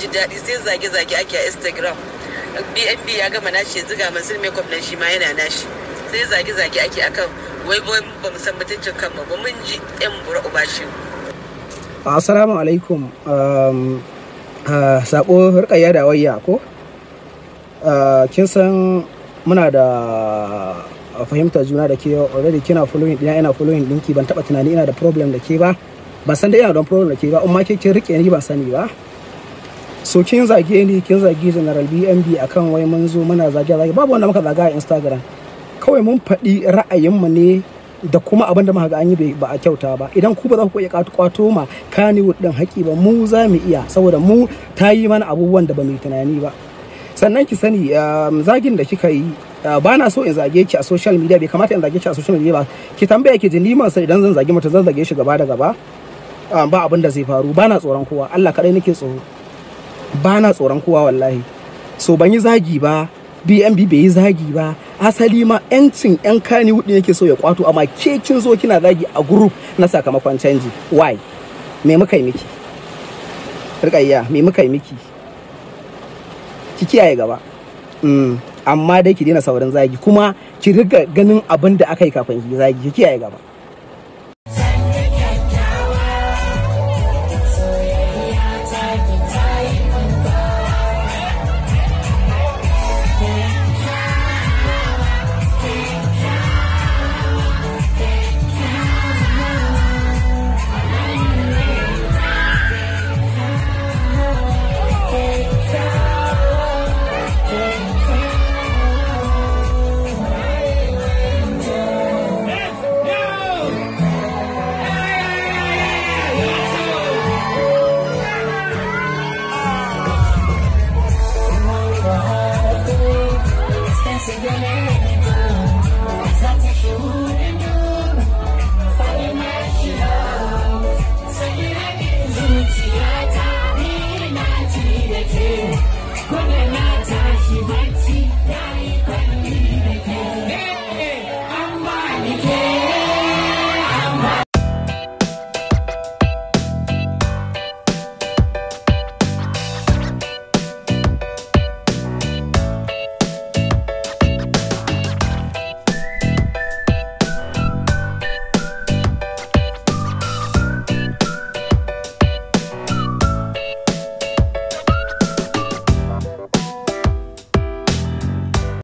ji daɗi sai zage-zage ake a instagram bnb ya gama nashi ya ziga mansur mai kwamnan shi ma yana nashi sai zage-zage ake akan wai ba mu san mutuncin kanmu ba mun ji yan bura uba shi assalamu alaikum um, uh, sako rikayya da wayya ko uh, kin san muna da uh, fahimtar juna da ke already kina following dina ina following dinki ban taba tunani ina da problem da ke ba ba san da ina da problem da ke ba amma ke kin rike ni ban sani ba so kin zage ni kin zage general bnb akan wai mun zo muna zage zage babu wanda muka zaga a instagram kawai mun faɗi ra'ayinmu ne da kuma abin da muka an yi ba a kyauta ba idan ku ba za ku iya kwato ma kaniwood din haƙi ba mu za mu iya saboda mu ta yi mana abubuwan da ba mu tunani ba sannan ki sani um, zagin da kika yi uh, ba na so in zage ki a social media bai kamata in zage ki a social media ba ki tambaya ki ji liman sai idan zan zage mutum zan zage shi gaba da gaba um, ba abin da zai faru ba na tsoron kowa Allah kaɗai nake tsoro ba na tsoron kowa wallahi so ban yi zagi ba bnb bai yi zagi ba asali ma yancin yan kani hudu yake so ya kwato amma ke kin zo kina zagi a group na sakamakon canji why me muka yi miki rikayya me muka yi miki ki kiyaye gaba mm, amma dai ki daina saurin zagi kuma ki riga ganin abin da aka yi kafin ki zagi ki kiyaye gaba Sem violência.